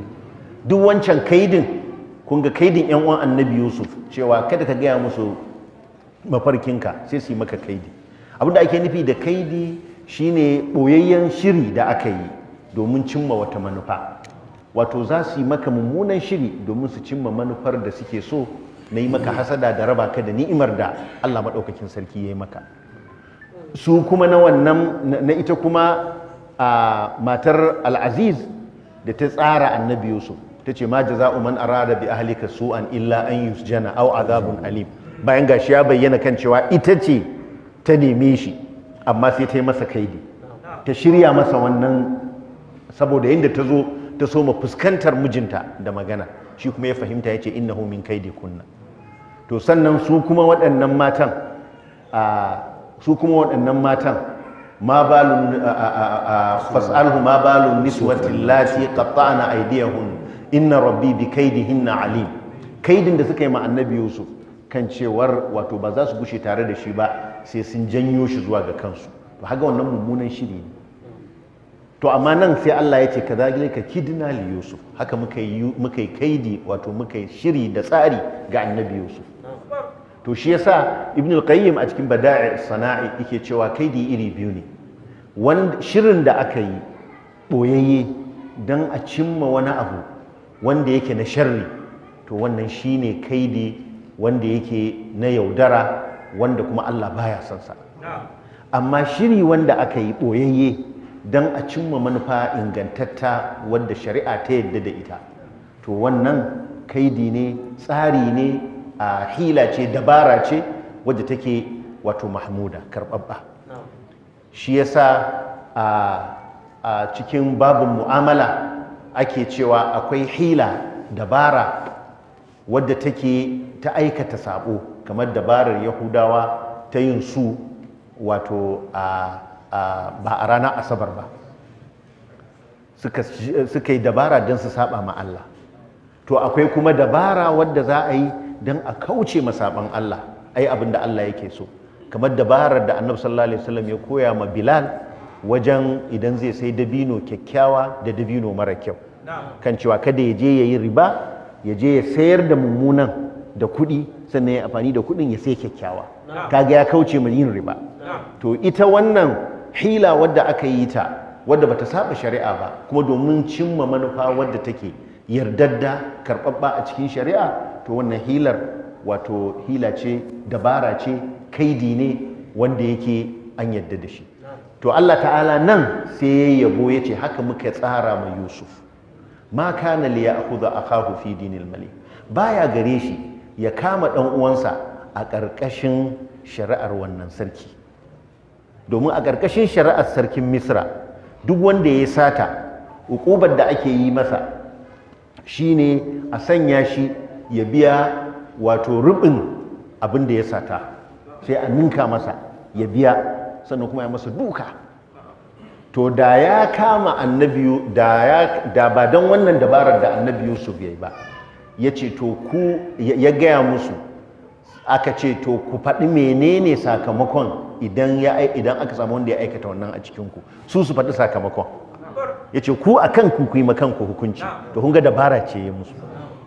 Speaker 1: duk wancan kaidin kun kaidin yan uwan annabi yusuf cewa kada ka gaya musu mafarkinka sai su yi maka kaidi abinda ake nufi da kaidi shine ɓoyayyen shiri da aka yi domin cimma wata manufa wato za su yi maka mummunan shiri domin su cimma manufar da suke so na yi maka hasada da raba ka da ni'imar da Allah maɗaukakin sarki ya yi maka su kuma na wannan na ita kuma a matar al'aziz da ta tsara annabi yusuf ta ce ma jaza'u man arada bi su an illa an yusjana aw azabun alim bayan gashi ya bayyana kan cewa ita ce ta neme shi amma sai ta yi masa kaidi ta shirya masa wannan saboda yadda ta zo ta so ma fuskantar mijinta da magana shi kuma ya fahimta ya ce ina min kaidi kunna to sannan su kuma waɗannan matan su kuma waɗannan matan ma balun fas'alhu ma balun niswatin lati qatta'na aidiyahun inna rabbi bi kaidihinna alim kaidin da suka yi ma annabi yusuf kan cewar wato ba za su gushe tare da shi ba sai sun janyo shi zuwa ga kansu to haga wannan mummunan shiri ne to amma nan sai Allah ya ce ka ka kidna li Yusuf haka muka yi muka yi kaidi wato muka yi shiri da tsari ga annabi Yusuf to shi yasa Ibn al-Qayyim a cikin Bada'i Sana'i yake cewa kaidi iri biyu ne wanda shirin da aka yi boyayye dan a cimma wani abu wanda yake na sharri to wannan shine kaidi wanda yake na yaudara wanda kuma Allah baya son sa amma shiri wanda aka yi boyayye don a cimma manufa ingantatta wanda shari'a ta yadda da ita to wannan kaidi ne tsari ne a hila ce dabara ce wadda take wato mahmuda karbabba shi yasa a cikin babin mu'amala ake cewa akwai hila dabara wadda take ta aikata sabo kamar dabarar yahudawa ta yin su wato ba a rana asabar ba suka yi dabara don su saba ma Allah to akwai kuma dabara wadda za a yi don a kauce masaban Allah ai abin da Allah yake so kamar dabarar da annabi sallallahu alaihi wasallam ya koya ma Bilal wajen idan zai sai dabino kyakkyawa da dabino mara kyau kan cewa kada ya je ya yi riba ya je ya sayar da mummunan da kuɗi sannan ya amfani da kuɗin ya sai kyakkyawa
Speaker 3: kaga ya kauce
Speaker 1: ma yin riba to ita wannan hila wadda aka yi ta wadda bata saba shari'a ba kuma domin cimma manufa wadda take yardadda karɓaɓɓa a cikin shari'a to wannan hilar wato hila ce dabara ce kaidi ne wanda yake an yarda da shi to Allah ta'ala nan sai ya yabo ya ce haka muka tsara ma Yusuf ma kana liya akhudha akahu fi dinil mali baya gare shi ya kama ɗan uwansa a ƙarƙashin shari'ar wannan sarki domin a ƙarƙashin shari'ar sarkin misra duk wanda ya sata hukubar da ake yi masa shine a sanya shi ya biya wato rubin abin da ya sata sai a ninka masa ya biya sannan kuma ya masa duka to da ya kama annabiyu da ba don wannan dabarar da annabi yusuf ya ba ya ce to ku ya gaya musu aka ce to ku faɗi menene sakamakon idan aka samu wanda ya aikata wannan a cikinku su su faɗi sakamakon ya ce ku a kan ku yi makanku hukunci to kun ga dabara ce ya musu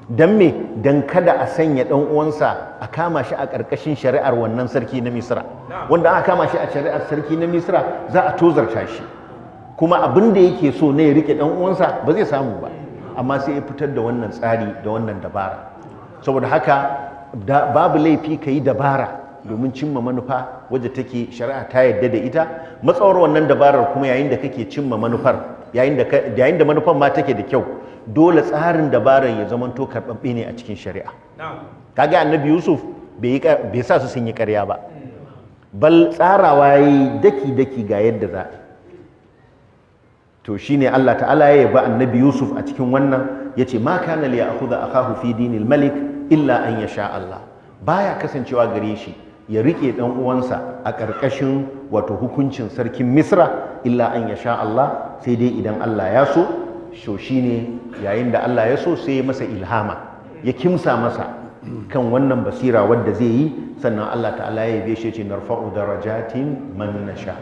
Speaker 1: don me don kada a sanya ɗan uwansa a kama shi a ƙarƙashin shari'ar wannan sarki na Misira wanda aka kama shi a shari'ar sarki na Misira za a tozarta shi kuma abin da yake so na ya rike ɗan uwansa ba zai samu ba amma sai ya fitar da wannan tsari da wannan dabara saboda haka babu laifi ka yi dabara domin cimma manufa wajen take shari'a ta yadda da ita matsawar wannan dabarar kuma yayin da kake cimma manufar yayin da manufar ma take da kyau dole tsarin dabarar ya zama to karɓaɓɓe ne a cikin shari'a kaga annabi yusuf bai sa su sun yi karya ba bal tsarawa ya yi daki-daki ga yadda za a to shine Allah ta'ala ya yaba annabi Yusuf a cikin wannan yace ma kana li ya'khudha akahu fi dinil malik illa an yasha Allah baya kasancewa gare shi ya rike dan uwansa a ƙarƙashin wato hukuncin sarkin Misra illa an yasha Allah sai dai idan Allah ya so so shine yayin da Allah ya so sai masa ilhama ya kimsa masa kan wannan basira wadda zai yi sannan Allah ta'ala ya yabe shi ya ce narfa'u darajatin man nasha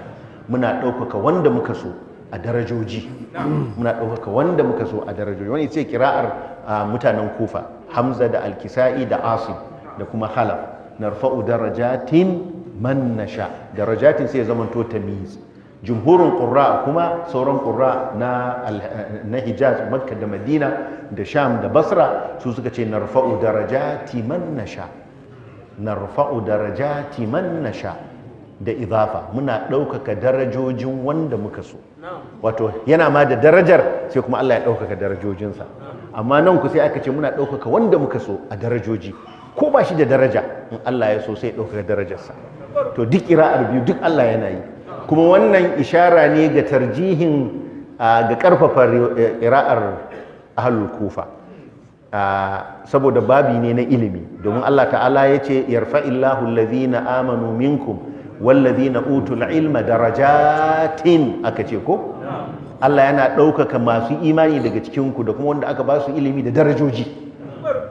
Speaker 1: muna ɗaukaka wanda muka so a darajoji muna ɗaukaka wanda muka so a darajoji wani ce kira'ar mutanen kufa hamza da alkisa'i da asim da kuma halaf narfa'u darajatin man nasha darajatin sai to tamiz jumhurin ƙura kuma sauran ƙura na hijaz makka da madina da sham da basra su suka ce narfa'u darajati man nasha narfa'u darajati man nasha da izafa muna ɗaukaka darajojin wanda muka so wato yana ma da darajar sai kuma Allah ya ɗaukaka darajojinsa amma nan ku sai aka ce muna ɗaukaka wanda muka so a darajoji ko ba shi da daraja in Allah ya so sai ɗaukaka darajarsa to duk ira'ar biyu duk Allah yana yi kuma wannan ishara ne ga tarjihin ga ƙarfafa eh, ira'ar ahlul kufa saboda babi ne na ilimi domin Allah ta'ala ya ce yarfa'illahu allazina amanu minkum wallazina utul ilma darajatin aka ce ko Allah yana ɗaukaka masu imani daga cikinku da kuma wanda aka basu ilimi da darajoji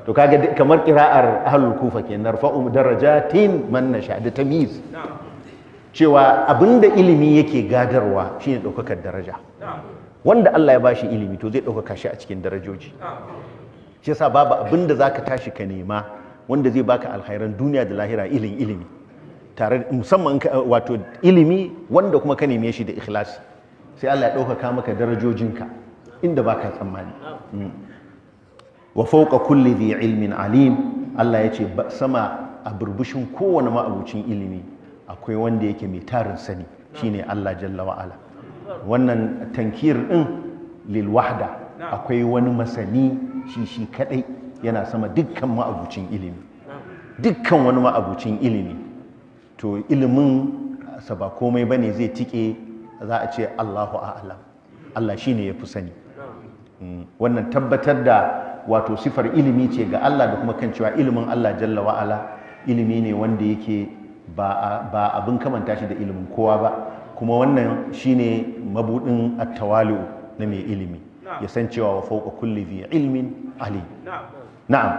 Speaker 1: to kaga kamar kira'ar ahlul kufa ke narfa'u darajatin man nasha da tamiz cewa abinda ilimi yake gadarwa shine ɗaukakar daraja wanda Allah ya ba shi ilimi to zai ɗaukaka shi a cikin darajoji shi yasa babu abinda zaka tashi ka nema wanda zai baka alkhairan duniya da lahira ilin ilimi tare musamman wato ilimi wanda kuma ka neme shi da ikhlasi sai Allah ya ɗaukaka maka darajojinka inda ba ka tsammani hmm. wa fauka kulli dhi ilmin alim Allah ya ce sama a burbushin kowane ma'abucin ilimi akwai wanda yake mai tarin sani shine Allah jalla wa'ala wannan tankir din lil wahda akwai wani masani shi shi kadai yana sama dukkan ma'abucin ilimi dukkan wani ma'abucin ilimi to ilimin sa ba komai bane zai tike za a ce Allahu a'lam Allah shine fi sani mm, wannan tabbatar da wato sifar ilimi ce ga Allah da kuma kan cewa ilimin Allah jalla wa ala ilimi ne wanda yake ba ba abin kamanta shi da ilimin kowa ba kuma wannan shine mabudin at-tawali'u na mai ilimi ya san cewa wa fawqa kulli dhi ilimin alim na'am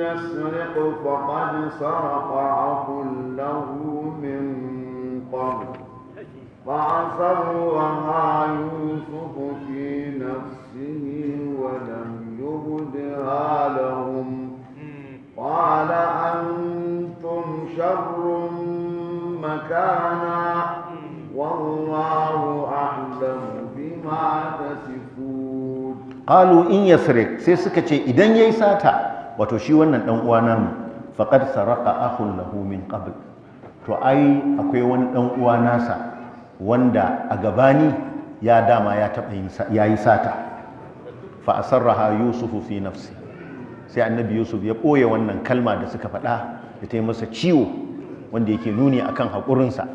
Speaker 2: يسرق فقد سرق عقل له من قبل فعصوها يوسف في نفسه ولم يبدها لهم قال أنتم شر مكانا والله أعلم بما تسفون قالوا
Speaker 1: إن يسرق سيسكتي إذن يساتا wato shi wannan dan uwa namu faqad saraka akhun lahu min qabl to ai akwai wani dan uwa nasa wanda a gabani ya dama ya taba yayi sata fa asarraha yusufu fi nafsi sai annabi yusuf ya ɓoye wannan kalma da suka faɗa da ta yi masa ciwo wanda yake nuni akan haƙurinsa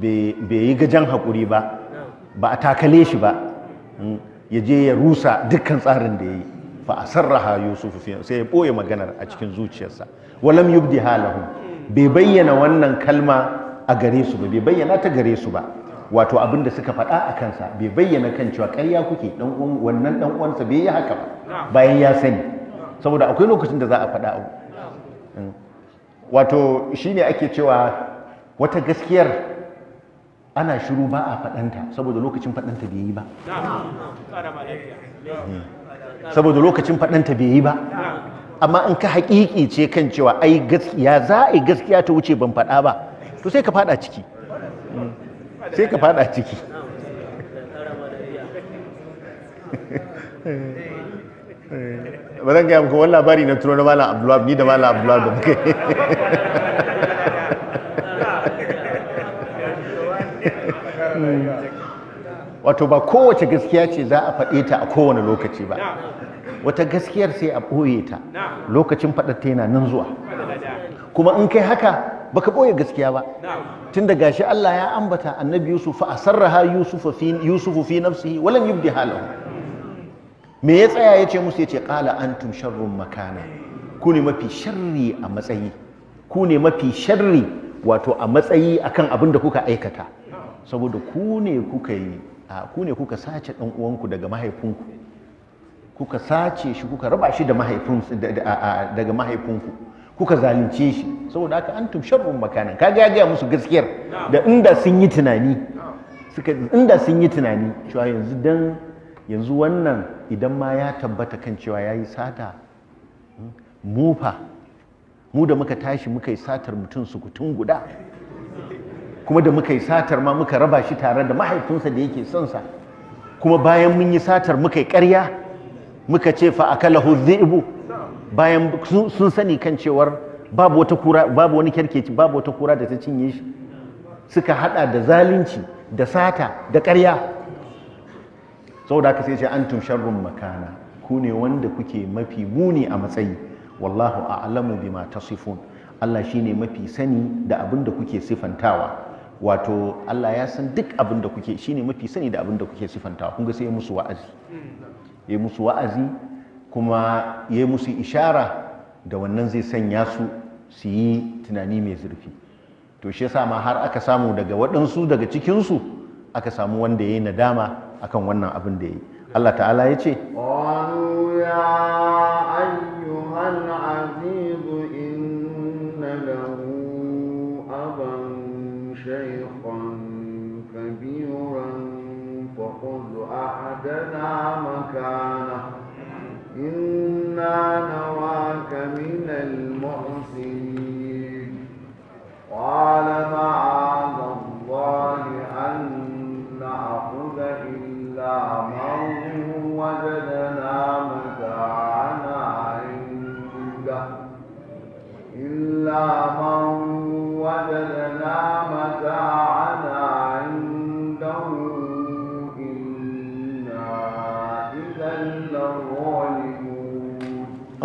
Speaker 1: bai yi gajan hakuri ba ba a takale shi ba hmm, ya je ya rusa dukkan tsarin da ya yi fa sarraha yusuf sai ya boye maganar a cikin zuciyarsa walam yubdi halahu bai bayyana wannan kalma a gare su ba bai bayyana ta gare su ba wato abin da suka faɗa a kansa bai bayyana kan cewa ƙarya kuke dan wannan dan uwansa bai yi haka ba bayan ya sani saboda akwai lokacin da za a faɗa abu hmm. wato shine ake cewa wata gaskiyar ana shiru ba a faɗanta saboda lokacin faɗanta bai yi ba
Speaker 3: saboda lokacin
Speaker 1: faɗanta bai yi ba amma in ka haƙiƙi ce kan cewa ai gaskiya za a yi gaskiya ta wuce ban faɗa ba to sai ka faɗa ciki sai ka faɗa ciki ba zan gaya muku wani labari na turo na malam abdullab ni da malam abdullab da kai. wato ba kowace gaskiya ce za a faɗe ta a kowane lokaci ba wata gaskiyar sai a ɓoye ta lokacin faɗarta yana nan zuwa kuma in kai haka baka ɓoye gaskiya ba tun da gashi Allah ya ambata annabi Yusuf a sarraha Yusufu fi nafsi walan yubdi halahu me ya tsaya ya ce musu ya ce qala antum sharrun makana ku ne mafi sharri a matsayi ku ne mafi sharri wato a matsayi akan abin da kuka aikata saboda ku ne kuka yi a ku ne kuka sace ɗan uwanku daga mahaifinku kuka sace shi kuka raba shi da daga mahaifinku kuka zalunce shi saboda haka antum sharrun makanan kaga ya gaya musu gaskiyar da inda sun yi tunani suka inda sun yi tunani cewa yanzu dan yanzu wannan idan ma ya tabbata kan cewa yayi sata hmm, mufa, mu da muka tashi muka yi satar mutum sukutun guda kuma da muka yi satar ma muka raba shi tare da mahaifinsa da yake son sa kuma bayan mun yi satar muka yi ƙarya muka ce fa akalahu dhi'bu bayan sun sani kan cewar babu wata kura babu wani kerkeci babu wata kura da ta cinye shi suka hada da zalunci da sata da ƙarya saboda haka sai ce antum sharrun makana ku ne wanda kuke mafi muni a matsayi wallahu a'lamu bima tasifun Allah shine mafi sani da abin da kuke sifantawa wato Allah ya san duk abin da kuke shine mafi sani da abin da kuke sifanta kun ga sai ya musu wa'azi hmm. ya musu wa'azi kuma ya musu ishara da wannan zai sanya su su yi tunani mai zurfi to shi yasa ma har aka samu daga waɗansu daga cikinsu aka samu wanda yayi nadama akan wannan abin da yayi Allah ta'ala ya ce
Speaker 2: أحدنا مكانه إنا نراك من المحسنين قال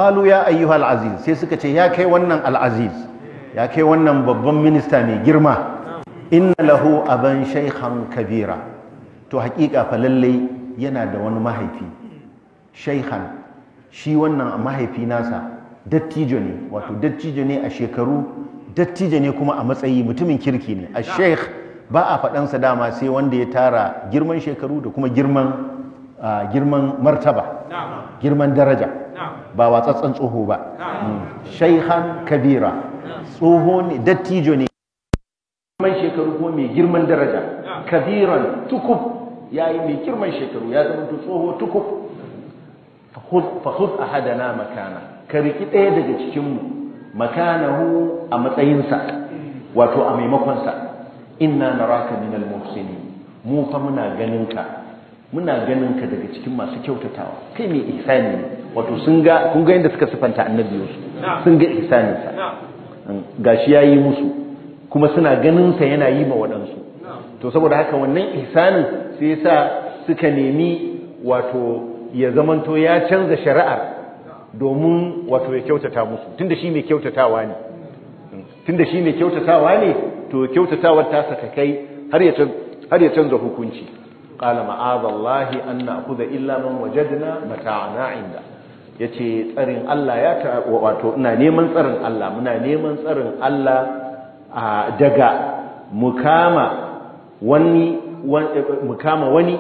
Speaker 1: qalu ya ayyuha al-aziz sai suka ce ya kai wannan al ya kai wannan babban minista mai girma inna lahu aban shaykhan kabira to hakika falallai yana da wani mahaifi shaykhan shi wannan mahaifi nasa dattijo ne wato dattijo ne a shekaru dattijo ne kuma a matsayi mutumin kirki ne a sheikh ba a faɗansa dama sai wanda ya tara girman shekaru da kuma girman ah, girman martaba girman daraja ba watsatsan tsoho ba mm. shaihan kabira tsoho ne dattijo ne girman shekaru ko mai girman daraja kabiran tukub ya yi mai girman shekaru ya zama tsoho tukub fahud hadana makana ka riki ɗaya daga cikinmu makanahu a matsayinsa wato a maimakonsa inna naraka minal muhsini mu fa muna ganin ka muna ganin ka daga cikin masu kyautatawa kai mai ihsani wato sun ga kun ga yadda suka sifanta annabi sun ga ihsanin sa gashi yayi musu kuma suna ganin sa yana yi ma waɗansu to saboda haka wannan ihsanin sai yasa suka nemi wato ya zamanto ya canza shari'ar domin wato ya kyautata musu tunda shi mai kyautatawa ne tunda shi mai kyautatawa ne to kyautatawar ta saka kai har ya canza hukunci qala ma'azallahi an na'khudha illa man wajadna mata'ana 'inda yace tsarin Allah ya ta wato ina neman tsarin Allah muna neman tsarin Allah daga mukama wani mukama wani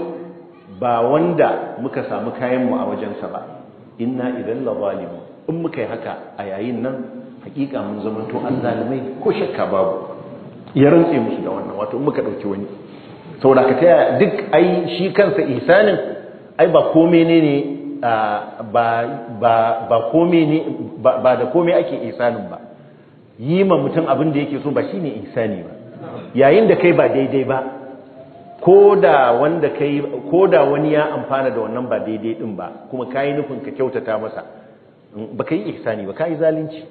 Speaker 1: ba wanda muka samu kayan mu a wajensa ba inna idan la zalimu in muka yi haka a yayin nan hakika mun zamanto an zalimai ko shakka babu ya rantse musu da wannan wato in muka dauki wani saboda ka taya duk ai shi kansa ihsanin ai ba kome ne ne ba kome ne ba da kome ake ihsanin ba yi ma mutum abin da yake so ba shine ihsani ba yayin da kai ba daidai ba ko da wanda kai ko da wani ya amfana da wannan ba daidai din ba kuma kai nufin ka kyautata masa mm, ba kai ihsani ba kai zalunci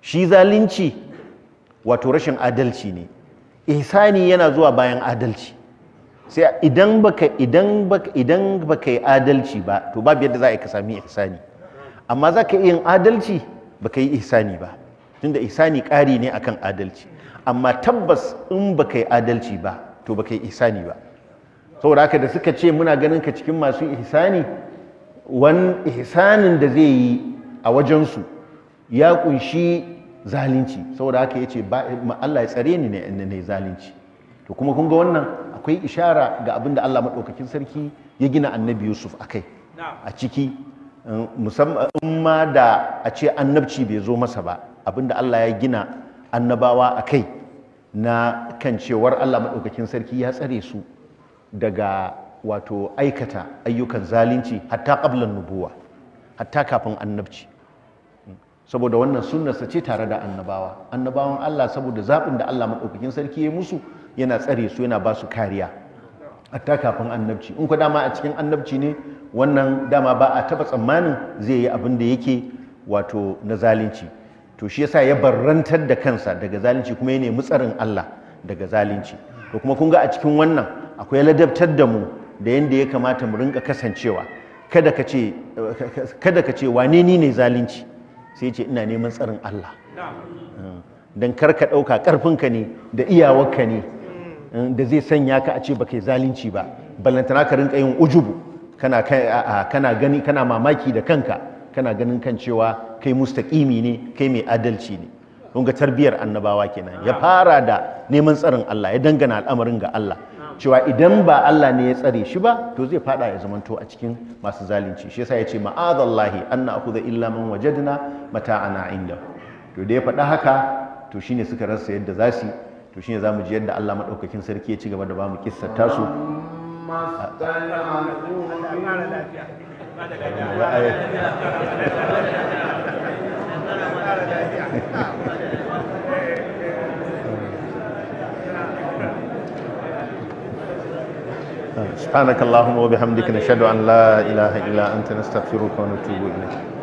Speaker 1: shi zalunci wato rashin adalci ne ihsani yana zuwa bayan adalci sai idan baka idan baka idan baka yi adalci ba to babu yadda za a yi ka sami ihsani amma za ka yin adalci baka yi ihsani ba tunda ihsani ƙari ne akan adalci amma tabbas in baka yi adalci ba to baka yi ihsani ba saboda haka da suka ce muna ganin ka cikin masu ihsani wani ihsanin da zai yi a wajensu ya kunshi zalunci saboda haka ya ce Allah ya tsare ni ne in ne zalunci to kuma kun ga wannan akwai ishara ga abin da Allah madaukakin sarki ya gina annabi Yusuf akai a ciki um, musamman in ma da a ce annabci bai zo masa ba abin da Allah ya gina annabawa akai na kan cewar Allah maɗaukakin sarki ya tsare su daga wato aikata ayyukan zalunci hatta qablan nubuwa hatta kafin annabci saboda wannan sunnarsa ce tare da annabawa annabawan Allah saboda zaɓin da Allah maɗaukakin sarki ya musu yana tsare su yana ba su kariya hatta kafin annabci in ku dama a cikin annabci ne wannan dama ba a taɓa tsammanin zai yi abin da yake wato na zalunci to shi yasa ya barrantar da kansa daga zalunci kuma ya nemi tsarin Allah daga zalunci to kuma kun ga a cikin wannan akwai ladabtar da mu da yanda ya kamata mu rinka kasancewa kada ka ce
Speaker 3: eh,
Speaker 1: kada ka ce wane ni ne zalunci sai ce ina neman tsarin Allah
Speaker 3: eh,
Speaker 1: don kar ka ɗauka ƙarfinka ne da iyawarka ne eh, da zai sanya ka a ce ba kai zalunci ba ballantana ka rinka yin ujubu kana gani kana mamaki da kanka kana ganin kan cewa kai mustaƙimi ne kai mai adalci ne Don ga tarbiyar annabawa kenan ya fara da neman tsarin Allah ya dangana al'amarin ga Allah
Speaker 3: cewa idan ba
Speaker 1: Allah ne ya tsare shi ba to zai fada ya zamanto a cikin masu zalunci shi yasa yace ma'azallahi an na'khudha illa man wajadna mata'ana inda to da ya faɗa haka to shine suka rasa yadda za su to shine zamu ji yadda Allah madaukakin sarki ya ci gaba da bamu kissar tasu
Speaker 3: Thank
Speaker 1: سبحانك اللهم وبحمدك نشهد أن لا إله إلا أنت نستغفرك ونتوب إليك